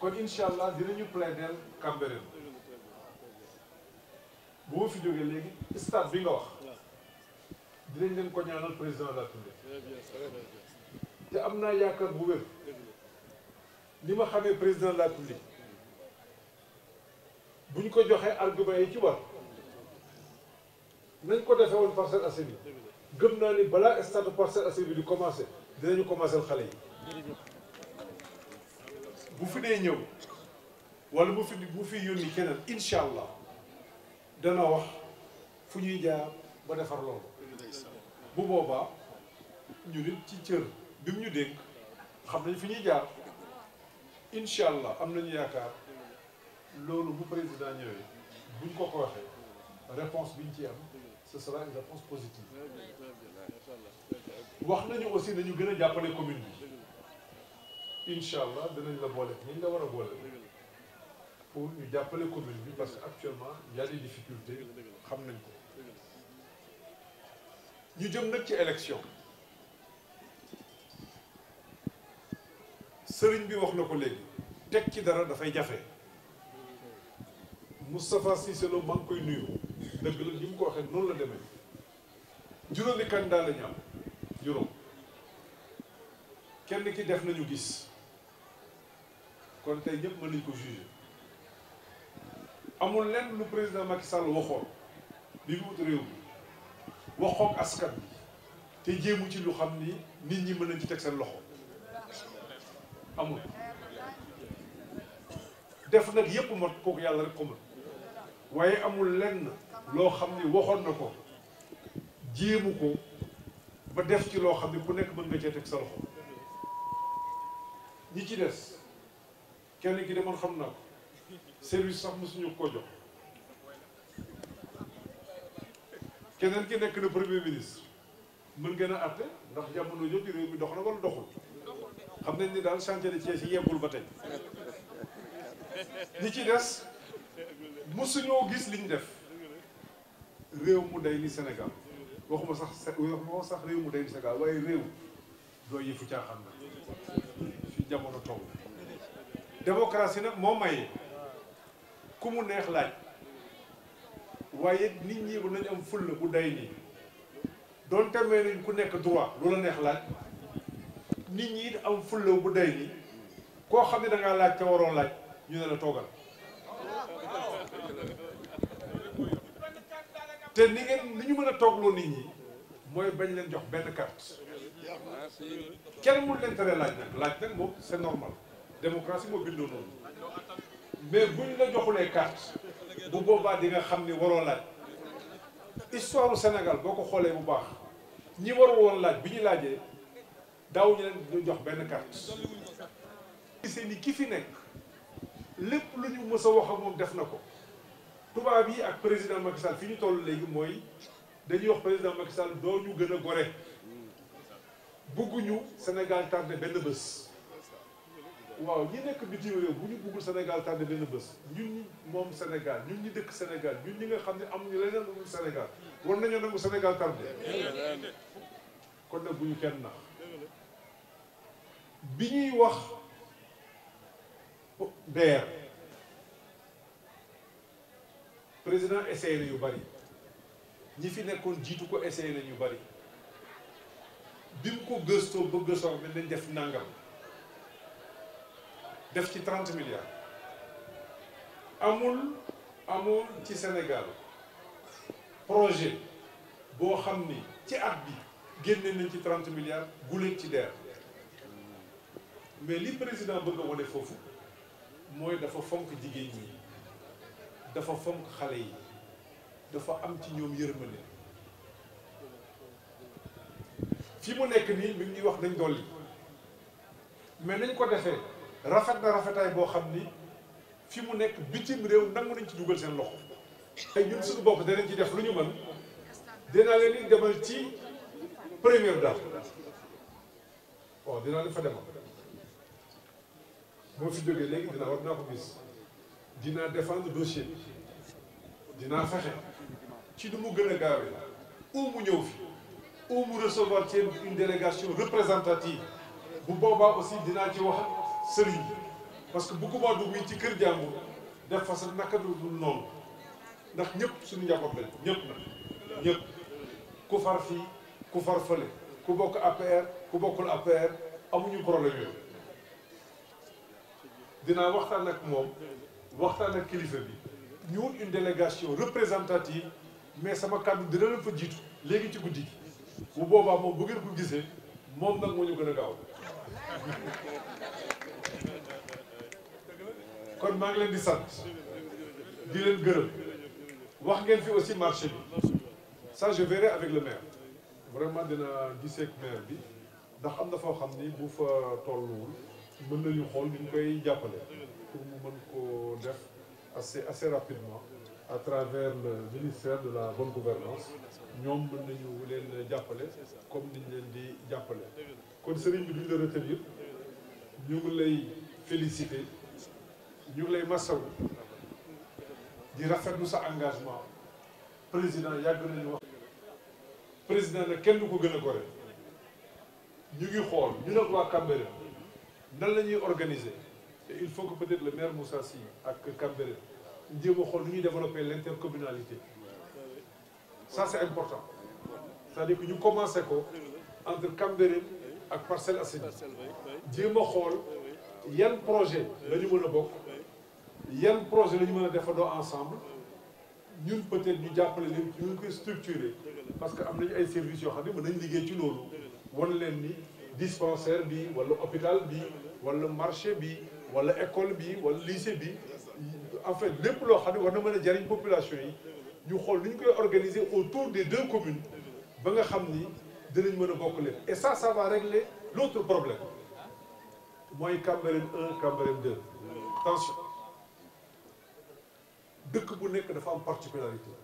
kon incha allah dinañu plaidel Cambérène bu ma fi jógee léegi stade bi nga wax dinañ leen ko ñaanal président de la République te am naa yaakaar bu wér li ma xamee président de la République bu ñu ko joxee argument yi ci war nañ ko defee woon Parcelles Assainies gëm naa ni balaa stade Parcelles Assainies bi di commencé dinañu commencé xale yi. bu fi dee ñëw wala bu fi bu fi yónni keneen incha allah dana wax fu ñuy jaar ba defar loolu bu boobaa ñu nit ci cër bi mu ñu dénk xam nañu fi ñuy jaar incha allah am nañu yaakaar loolu bu président ñëwee buñ ko ko waxee réponse biñ ci am ce sera une réponse positive wax nañu aussi nañu gën a jàppale commune bi incha allah danañ la boole ñi ñu la war a boole pour ñu jàppale commune bi parce que actuellement y a des difficultés xam nañ ko ñu jëm nag ci élection sëriñ bi wax na ko léegi teg ci dara dafay jafe Moustapha Cissé Lo maa ngi koy nuyu dëgg la ni mu ko waxee noonu la demee juróomi candidat la ñu am juróom kenn ki def nañu gis kon tey ñëpp mën nañu ko jugé amul lenn lu président Macky Sall waxoon bi mu wut réew mi waxoog askan bi te jéemu ci lu xam ni nit ñi mën nañ ci teg seen loxo amul def nag yëpp mot kooku yàlla rek ko mën waaye amul lenn loo xam ni waxoon na ko jéemu ko ba def ci loo xam ni ku nekk mën nga cee teg sa loxo ñi ci des kenn ki de man xam naa ko service sax mosuñu ko jox keneen ki nekk na premier ministre mën ngeen a àtte ndax jamono jooju réew mi dox na wala doxul xam nañ ni daal chantier de Thiès yi ba tey ñi ci des mosuñoo gis liñ def réew mu day ni Sénégal waxuma sax waxuma sax réew mu day ni Sénégal waaye réew doo yëfu caaxaan na fi jamono toll démocratie nag moo maye ku mu neex laaj waaye nit ñi war nañu am fulla bu day nii donte may ku nekk droit lu la neex laaj nit ñi am fulla bu day nii koo xam ne da laaj te waroon laaj ñu ne la toogal te ni ngeen ni ñu mën a toogloo nit ñi mooy bañ leen jox benn carte kenn mun leen tere laaj nag laaj nag moom c'est normal démocratie moo bindoo noonu mais buñ la joxulee carte bu boobaa di nga xam ni waroo laaj histoire u Sénégal boo ko xoolee bu baax ñi waru woon laaj bi ñu laajee daaw ñu leen jox benn carte gisee ni ki fi nekk lépp lu ñu mës a moom def na ko tubaab yi ak président Macky fi ñu toll léegi mooy dañuy wax président Macky Sall doo ñu gën a gore bugguñu Sénégal tardé benn bés waaw ñi nekk bitim réew bu ñu buggul Sénégal tànn benn bés ñun ñi moom senegal ñun ñi dëkk Sénégal ñun ñi nga xam ne amuñu leneen lu dul Sénégal war nañoo nangu Sénégal tànn kon nag bu ñu kenn nax bi ñuy wax DER président essayé na yu bari ñi fi nekkoon jiitu ko essayé na ñu bari bi mu ko gëstoo bëgg a soxla nañ def nangam. def ci trente milliards amul amul ci Sénégal projet boo xam ni ci at bi génne nañ ci trent milliards guléet ci DER mais li président bëgg a wane foofu mooy dafa fonk jigéen ñi dafa fonk xale yi dafa am ci ñoom yërmande fi mu nekk nii mi ngi wax nañ dolli mais nañ ko defee rafet na rafetaay boo xam ni fi mu nekk bitim réew nangu nañ ci dugal seen loxo ay ñun suñu bopp danañ ci def lu ñu mën dinaa leen di demal ci première dame waaw oh, dinaa leen fa fi jógee léegi dinaa war dinaa défendre dossier bi dinaa fexe ci nu mu gën a gaawee ou mu ñëw fi ou mu recevoir ci une délégation représentative bu boobaa aussi dinaa ci wax sëriñ bi parce que bëgguma dugg ci kër jàmbur def fa sa naka du dul noonu ndax ñëpp suñu njaboot lañ ñëpp nag ñëpp ku far fii ku far fële ku bokk APR ku bokkul APR amuñu problème yooyu dinaa waxtaan ak moom waxtaan ak kilifa bi ñu wut une délégation représentative mais sama kàddu dina leen fa jiitu léegi ci guddi gi bu boobaa moom bu ngeen ko gisee moom nag moo ñu gën a gaaw kon maa ngi leen di sant di leen gërëm wax ngeen fi aussi marché bi ça je verrai avec le maire vraiment dina gisee maire bi ndax am na foo xam ni bu fa tolluwul mën nañu xool ni koy jàppale pour mu mën ko def assez assez rapidement à travers le ministère de la bonne gouvernance ñoom mën nañu leen jàppale comme niñ leen di jàppale kon sëriñ bi duñ la retenir ñu ngi lay féliciter ñu ngi lay masawu di rafetlu sa engagement président yàgg nañu wax président nag kenn du ko gën a gore ñu ngi xool ñu nag waa Cambérène nan la ñuy organiser te il faut que peut-être le maire Moussa ak Cambérène jéem xool nu ñuy développer l'intercommunalité ça c'est important c'est-à-dire que ñu commencé ko entre Cambérène ak Parcelles Assainies jéem a xool yan projet la mën a bokk yan projet la ñu mën a defandoo ensemble ñun peut-être ñu jàppale leen ñu koy structuré parce que am nañu ay services yoo xam ne mën nañu liggéey ci loolu wan leen ni dispensaire bi wala hôpital bi walla marché bi wala école bi wala lycée bi en fait lépp loo xam ne war na mën a jariñ population yi ñu xool ni ñu koy organiser autour des deux communes ba nga xam ni dinañ mën a bokk leen et ça ça va régler l'autre problème mooy Cambérène 1 Cambérène d dëkk bu nekk dafa am particularité